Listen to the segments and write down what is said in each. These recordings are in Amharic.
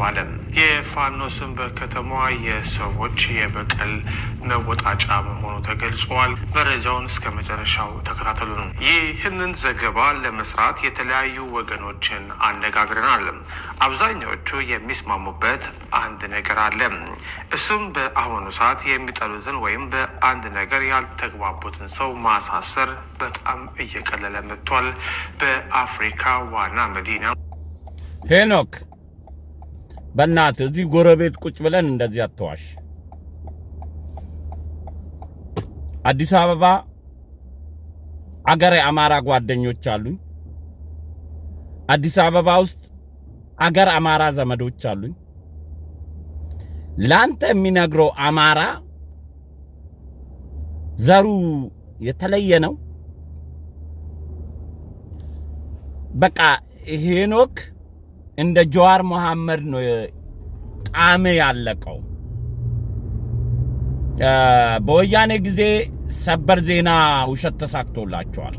ተባለ። የፋኖ ስም በከተማዋ የሰዎች የበቀል መወጣጫ መሆኑ ተገልጿል። መረጃውን እስከ መጨረሻው ተከታተሉ ነው። ይህንን ዘገባ ለመስራት የተለያዩ ወገኖችን አነጋግረናል። አብዛኛዎቹ የሚስማሙበት አንድ ነገር አለ። እሱም በአሁኑ ሰዓት የሚጠሉትን ወይም በአንድ ነገር ያልተግባቡትን ሰው ማሳሰር በጣም እየቀለለ መጥቷል። በአፍሪካ ዋና መዲና ሄኖክ በእናት እዚህ ጎረቤት ቁጭ ብለን እንደዚህ አትዋሽ። አዲስ አበባ አገር የአማራ ጓደኞች አሉኝ። አዲስ አበባ ውስጥ አገር አማራ ዘመዶች አሉኝ። ላንተ የሚነግረው አማራ ዘሩ የተለየ ነው። በቃ ሄኖክ እንደ ጀዋር መሐመድ ነው ጣዕም ያለቀው። በወያኔ ጊዜ ሰበር ዜና ውሸት ተሳክቶላቸዋል።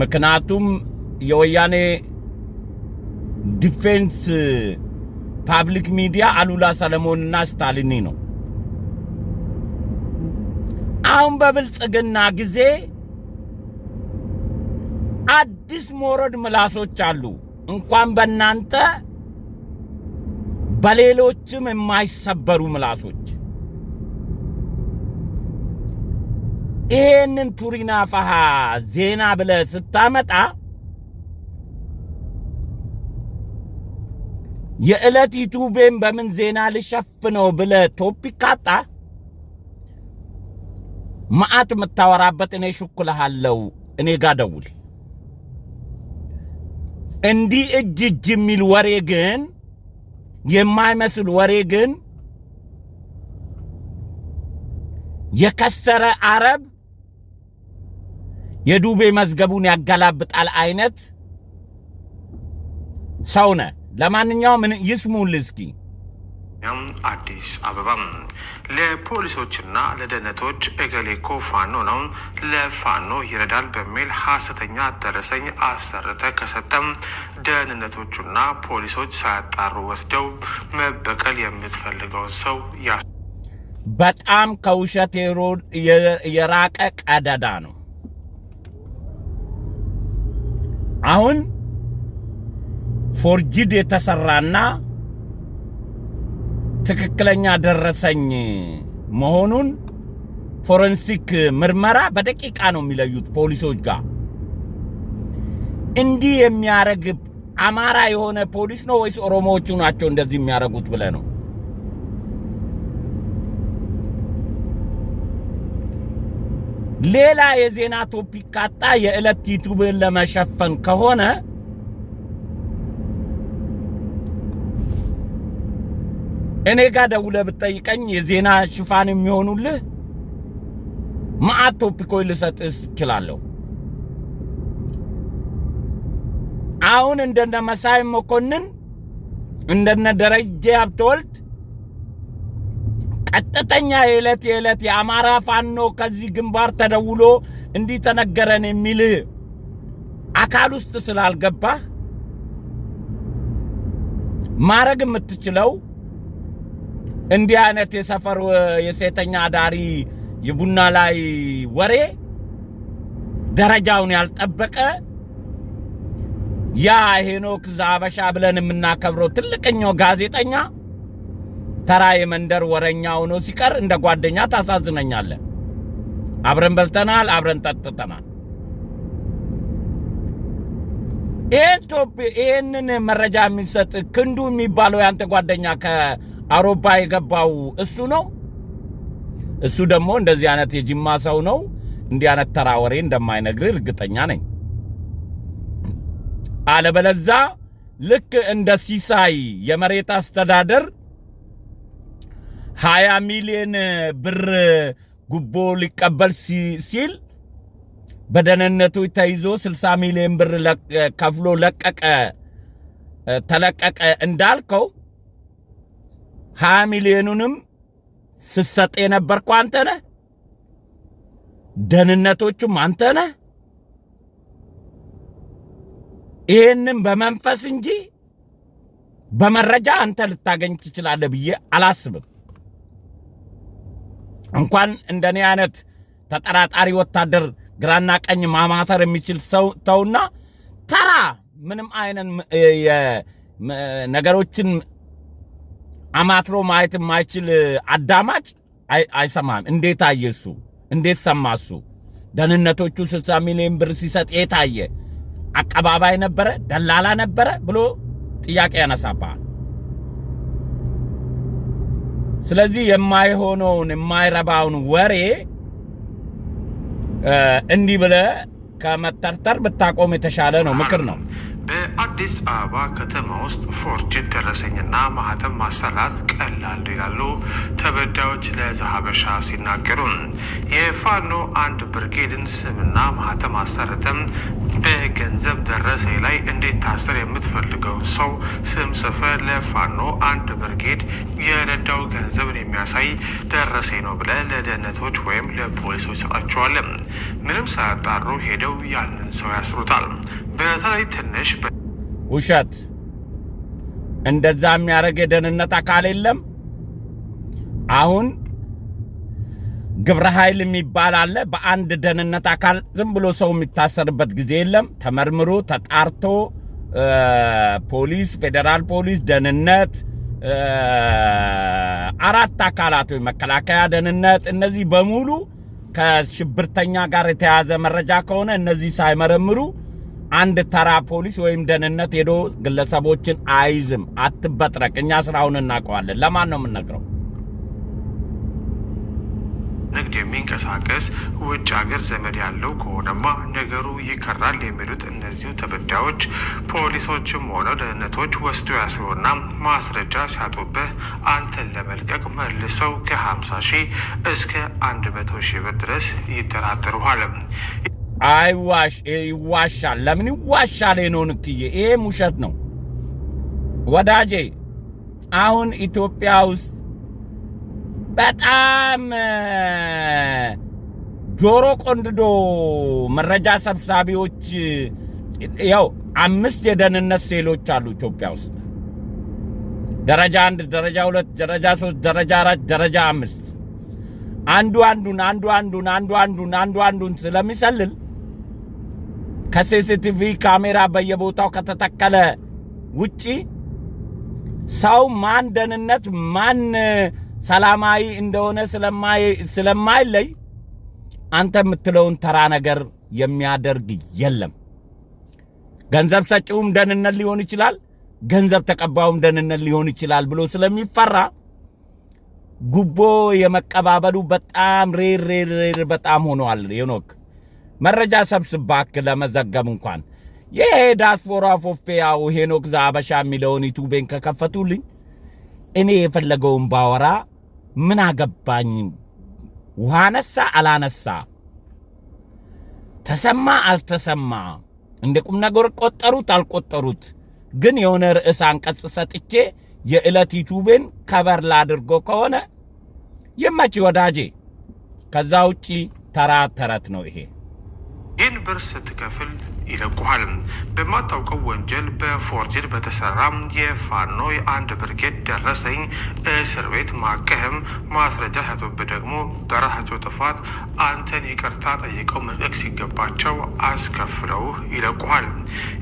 ምክንያቱም የወያኔ ዲፌንስ ፓብሊክ ሚዲያ አሉላ ሰለሞንና ስታሊኒ ነው። አሁን በብልጽግና ጊዜ አዲስ ሞረድ ምላሶች አሉ። እንኳን በእናንተ በሌሎችም የማይሰበሩ ምላሶች ይሄንን ቱሪና ፈሃ ዜና ብለ ስታመጣ የዕለት ዩቱቤን በምን ዜና ልሸፍነው ብለ ቶፒክ አጣ መዓት የምታወራበት እኔ ሽኩልሃለው። እኔ ጋ ደውል። እንዲህ እጅ እጅ የሚል ወሬ ግን የማይመስል ወሬ ግን የከሰረ አረብ የዱቤ መዝገቡን ያገላብጣል አይነት ሰውነ። ለማንኛውም ይስሙል እስኪ ያም አዲስ አበባ ለፖሊሶችና ለደህንነቶች እገሌ እኮ ፋኖ ነው ለፋኖ ይረዳል በሚል ሀሰተኛ ደረሰኝ አሰርተ ከሰጠም ደህንነቶቹና ፖሊሶች ሳያጣሩ ወስደው መበቀል የምትፈልገውን ሰው ያ በጣም ከውሸት የራቀ ቀደዳ ነው። አሁን ፎርጅድ የተሰራና ትክክለኛ ደረሰኝ መሆኑን ፎረንሲክ ምርመራ በደቂቃ ነው የሚለዩት ፖሊሶች ጋር። እንዲህ የሚያረግ አማራ የሆነ ፖሊስ ነው ወይስ ኦሮሞዎቹ ናቸው እንደዚህ የሚያረጉት ብለህ ነው። ሌላ የዜና ቶፒክ ካጣ የዕለት ዩቱብን ለመሸፈን ከሆነ እኔ ጋር ደውለህ ብትጠይቀኝ የዜና ሽፋን የሚሆኑልህ መዓት ቶፒኮች ልሰጥህ እችላለሁ። አሁን እንደነ መሳይ መኮንን እንደነ ደረጀ ሀብተወልድ ቀጥተኛ የዕለት የዕለት የአማራ ፋኖ ከዚህ ግንባር ተደውሎ እንዲህ ተነገረን የሚልህ አካል ውስጥ ስላልገባህ ማረግ የምትችለው እንዲህ አይነት የሰፈር የሴተኛ አዳሪ የቡና ላይ ወሬ ደረጃውን ያልጠበቀ ያ ሄኖክ ዛበሻ ብለን የምናከብረው ትልቅኛው ጋዜጠኛ ተራ የመንደር ወረኛ ሆኖ ሲቀር እንደ ጓደኛ ታሳዝነኛለን። አብረን በልተናል፣ አብረን ጠጥተናል። ይህንን መረጃ የሚሰጥ ክንዱ የሚባለው ያንተ ጓደኛ አውሮፓ የገባው እሱ ነው። እሱ ደግሞ እንደዚህ አይነት የጅማ ሰው ነው። እንዲህ አይነት ተራ ወሬ እርግጠኛ ነኝ። አለበለዛ ልክ እንደ ሲሳይ የመሬት አስተዳደር ሀያ ሚሊዮን ብር ጉቦ ሊቀበል ሲል በደህንነቱ ተይዞ 60 ሚሊዮን ብር ከፍሎ ለቀቀ ተለቀቀ እንዳልከው ሀያ ሚሊዮኑንም ስትሰጥ የነበርኩ አንተ ነህ። ደህንነቶቹም አንተ ነህ። ይህንም በመንፈስ እንጂ በመረጃ አንተ ልታገኝ ትችላለህ ብዬ አላስብም። እንኳን እኔ አይነት ተጠራጣሪ ወታደር ግራና ቀኝ ማማተር የሚችል ሰው ተውና ተራ ምንም አይነት ነገሮችን አማትሮ ማየት የማይችል አዳማጭ አይሰማም። እንዴት አየ እሱ? እንዴት ሰማ እሱ? ደህንነቶቹ ስልሳ ሚሊዮን ብር ሲሰጥ የታየ አቀባባይ ነበረ? ደላላ ነበረ? ብሎ ጥያቄ ያነሳባል። ስለዚህ የማይሆነውን የማይረባውን ወሬ እንዲህ ብለህ ከመተርተር ብታቆም የተሻለ ነው። ምክር ነው። አዲስ አበባ ከተማ ውስጥ ፎርጅን ደረሰኝና ማህተም ማሰራት ቀላል ያሉ ተበዳዮች ሀበሻ ሲናገሩ የፋኖ አንድ ብርጌድን ስምና ማህተም አሰርተም በገንዘብ ደረሰኝ ላይ እንዴት ታስር የምትፈልገውን ሰው ስም ጽፈ ለፋኖ አንድ ብርጌድ የረዳው ገንዘብን የሚያሳይ ደረሰኝ ነው ብለ ለደህንነቶች ወይም ለፖሊሶች ይሰጣቸዋል። ምንም ሳያጣሩ ሄደው ያንን ሰው ያስሩታል። በተለይ ትንሽ ውሸት። እንደዛ የሚያደርግ የደህንነት አካል የለም። አሁን ግብረ ኃይል የሚባል አለ። በአንድ ደህንነት አካል ዝም ብሎ ሰው የሚታሰርበት ጊዜ የለም። ተመርምሮ ተጣርቶ ፖሊስ፣ ፌዴራል ፖሊስ፣ ደህንነት፣ አራት አካላት ወይ መከላከያ፣ ደህንነት፣ እነዚህ በሙሉ ከሽብርተኛ ጋር የተያያዘ መረጃ ከሆነ እነዚህ ሳይመረምሩ አንድ ተራ ፖሊስ ወይም ደህንነት ሄዶ ግለሰቦችን አይዝም። አትበጥረቅ። እኛ ስራውን እናውቀዋለን። ለማን ነው የምንነግረው? ንግድ የሚንቀሳቀስ ውጭ ሀገር ዘመድ ያለው ከሆነማ ነገሩ ይከራል የሚሉት እነዚሁ ተበዳዮች ፖሊሶችም ሆነ ደህንነቶች ወስዶ ያስሩና ማስረጃ ሲያጡብህ አንተን ለመልቀቅ መልሰው ከ50 ሺህ እስከ መቶ ሺህ ብር ድረስ ይጠራጥሩሃል። አይዋሽ ይዋሻል። ለምን ይዋሻል? ነው ንክዬ፣ ይሄ ውሸት ነው ወዳጄ። አሁን ኢትዮጵያ ውስጥ በጣም ጆሮ ቆንድዶ መረጃ ሰብሳቢዎች ያው አምስት የደህንነት ሴሎች አሉ ኢትዮጵያ ውስጥ ደረጃ አንድ፣ ደረጃ ሁለት፣ ደረጃ ሶስት፣ ደረጃ አራት፣ ደረጃ አምስት አንዱ አንዱን አንዱ አንዱን አንዱ አንዱን አንዱ አንዱን ስለሚሰልል ከሲሲቲቪ ካሜራ በየቦታው ከተተከለ ውጪ ሰው ማን ደህንነት ማን ሰላማዊ እንደሆነ ስለማይለይ አንተ የምትለውን ተራ ነገር የሚያደርግ የለም። ገንዘብ ሰጪውም ደህንነት ሊሆን ይችላል፣ ገንዘብ ተቀባዩም ደህንነት ሊሆን ይችላል ብሎ ስለሚፈራ ጉቦ የመቀባበሉ በጣም ሬር ሬር በጣም ሆኗል ሄኖክ። መረጃ ሰብስባክ ለመዘገብ እንኳን ይሄ ዳስፖራ ፎፌያው ሄኖክ ዛበሻ የሚለውን ዩቱቤን ከከፈቱልኝ እኔ የፈለገውን ባወራ ምን አገባኝ? ውሃ ነሳ አላነሳ፣ ተሰማ አልተሰማ፣ እንደ ቁም ነገር ቆጠሩት አልቆጠሩት፣ ግን የሆነ ርዕስ አንቀጽ ሰጥቼ የዕለት ዩቱቤን ከበር ላድርጎ ከሆነ የማች ወዳጄ፣ ከዛ ውጪ ተራ ተረት ነው ይሄ። ይህን ብር ስትከፍል ይለቁሃል። በማታውቀው ወንጀል በፎርጅድ በተሰራ የፋኖ የአንድ ብርጌድ ደረሰኝ እስር ቤት ማቀህም ማስረጃ ሰቶብ ደግሞ በራሳቸው ጥፋት አንተን ይቅርታ ጠይቀው መልቀቅ ሲገባቸው አስከፍለው ይለቁሃል።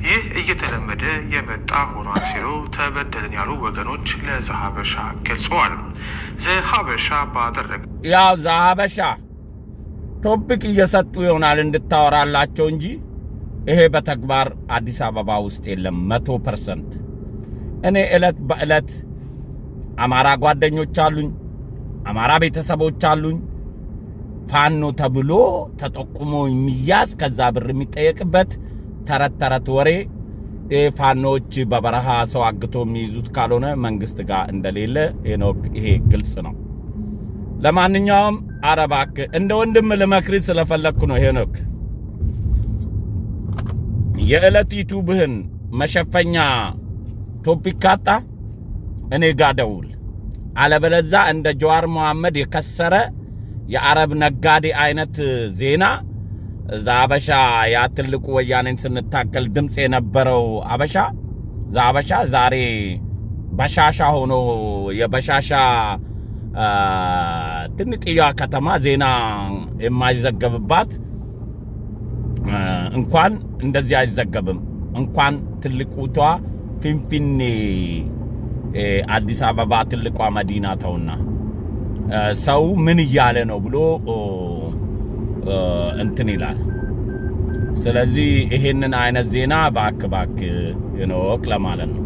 ይህ እየተለመደ የመጣ ሆኗል ሲሉ ተበደለን ያሉ ወገኖች ለዘሀበሻ ገልጸዋል። ዘሀበሻ ባደረገ ያው ዘሀበሻ ቶፒክ እየሰጡ ይሆናል እንድታወራላቸው እንጂ ይሄ በተግባር አዲስ አበባ ውስጥ የለም። መቶ ፐርሰንት እኔ ዕለት በዕለት አማራ ጓደኞች አሉኝ፣ አማራ ቤተሰቦች አሉኝ። ፋኖ ተብሎ ተጠቁሞ የሚያዝ ከዛ ብር የሚጠየቅበት ተረት ተረት ወሬ ፋኖዎች በበረሃ ሰው አግቶ የሚይዙት ካልሆነ መንግስት ጋር እንደሌለ ሄኖክ፣ ይሄ ግልጽ ነው። ለማንኛውም አረባክ እንደ ወንድም ልመክሪ ስለፈለግኩ ነው። ሄኖክ የዕለት ዩቱብህን መሸፈኛ ቶፒክ ካጣ እኔ ጋ ደውል። አለበለዛ እንደ ጀዋር መሐመድ የከሰረ የአረብ ነጋዴ አይነት ዜና እዛ አበሻ ያ ትልቁ ወያኔን ስንታከል ድምፅ የነበረው አበሻ እዛ አበሻ ዛሬ በሻሻ ሆኖ የበሻሻ ትንቅያ ከተማ ዜና የማይዘገብባት እንኳን እንደዚህ አይዘገብም። እንኳን ትልቁቷ ፊንፊኔ አዲስ አበባ ትልቋ መዲና ተውና ሰው ምን እያለ ነው ብሎ እንትን ይላል። ስለዚህ ይሄንን አይነት ዜና ባክ ባክ ይኖክ ለማለት ነው።